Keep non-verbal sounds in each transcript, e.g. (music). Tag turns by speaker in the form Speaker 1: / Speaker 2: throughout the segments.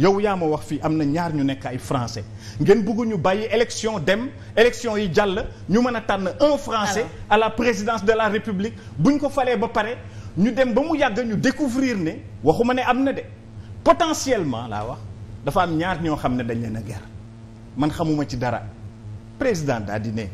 Speaker 1: yow yaa ma wax fii am na ñaar ñu nekk ay français ngeen bëgg ñu bàyyi élection dem élection yi jàll ñu mën a tànn un français à la présidence de la république bu ñu ko falee ba pare ñu dem ba mu yàgg ñu découvrir ne waxuma ne am na de potentiellement laa wax dafa am ñaar ñoo xam ne dañ leen a ger man xamuma ci dara président daa président ne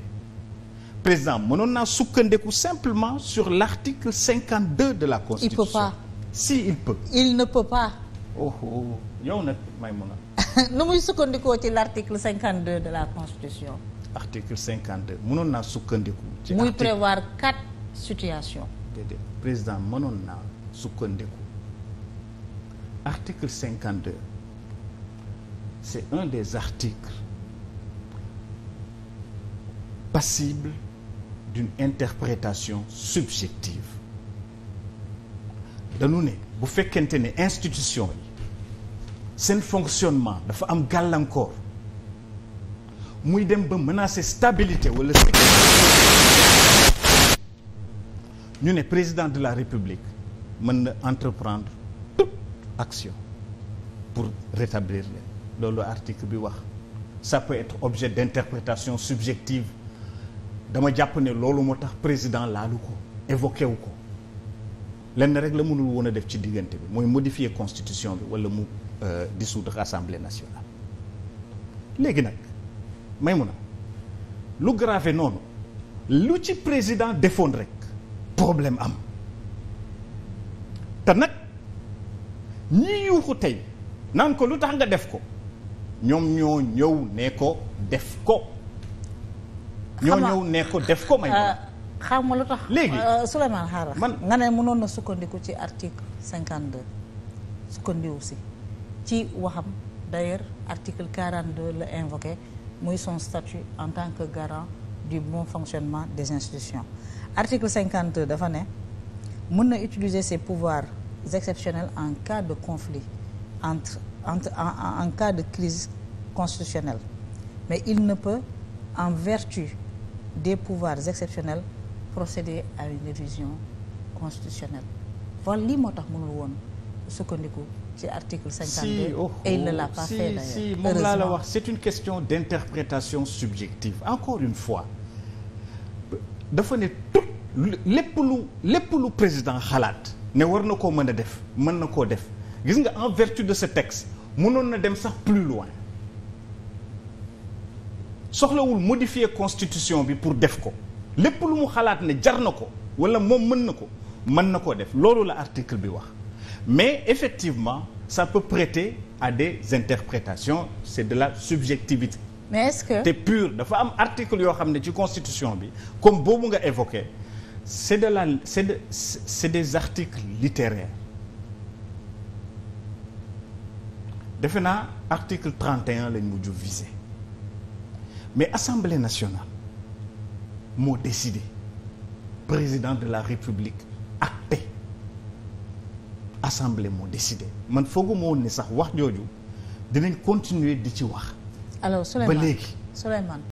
Speaker 1: président mënoon naa sukkandeku simplement sur l'article 52 de la constitution il peut pas si il peut il ne peut pas oh oh yow nag Maïmouna.
Speaker 2: (laughs) nu muy sukkandikoo ci l' article cinquante deux de la constitution.
Speaker 1: article cinquante mënoon naa sukkandiku. ci muy prévoir
Speaker 2: quatre situations.
Speaker 1: président mënoon naa sukkandiku article cinquante deux est un des articles passibles d'une interprétation subjective. dañu ne bu fekkente ne institution yi seen fonctionnement dafa am gàllankoor muy dem ba menacer stabilité wala sécurité ñu ne président de la république mën na entreprendre toute action pour rétablir leen loolu article bi wax ça peut être objet d'interprétation subjective dama jàpp ne loolu moo tax président laalu ko évoqué wu ko lenn rek la mënul woon a def ci diggante bi mooy modifier constitution bi wala mu di euh, dissoudre assemblée nationale léegi nag may mun a lu grave noonu lu ci président defoon rek problème am te nag ñi yuuxu tey naan ko lu tax nga def ko ñoom ñoo ñëw ne ko def ko ñoo ñëw ne ko def ko may mun
Speaker 2: euh, xam nga lu tax léegi euh, Souleymane xaaral man nga ne mënoon na sukkandiku ci article cinquante deux sukkandiku si ci waxam d'ailleurs article quarante deux la invoqué muy son statut en tant que garant du bon fonctionnement des institutions article cinquante deux dafa ne mën na utiliser ses pouvoirs exceptionnels en cas de conflit entre en, en, en cas de crise constitutionnelle mais il ne peut en vertu des pouvoirs exceptionnels procéder à une révision constitutionnelle voilà lii moo tax mënul woon sukkandiku ci article cinquante-deux oh, et il oh, l'a pas fait d'ailleurs si moom laa la
Speaker 1: wax c'est une question d'interprétation subjective encore une fois dafa ne tout lépp lu lépp lu président xalaat ne war na koo mën a def mën na koo def gis nga en vertu de sa ce texte noon na dem sax plus loin soxlawul modifier constitution bi pour def ko lépp lu mu xalaat ne jar na ko wala moom mën na ko mën na koo def loolu la article bi wax mais effectivement ça peut prêter à des interprétations c'est de la subjectivité mais est te pur dafa am article yoo xam ne ci constitution bi comme boobu nga évoqué c'est de la c'est de c'est des articles littéraires defe naa trente 31 lañ mujj visé mais Assemblée nationale moo décidé président de la république acté assemblée moo décidé man fooguma woon ni sax wax jooju dinañ continuer di ci wax.
Speaker 2: alors Souleymane ba léegi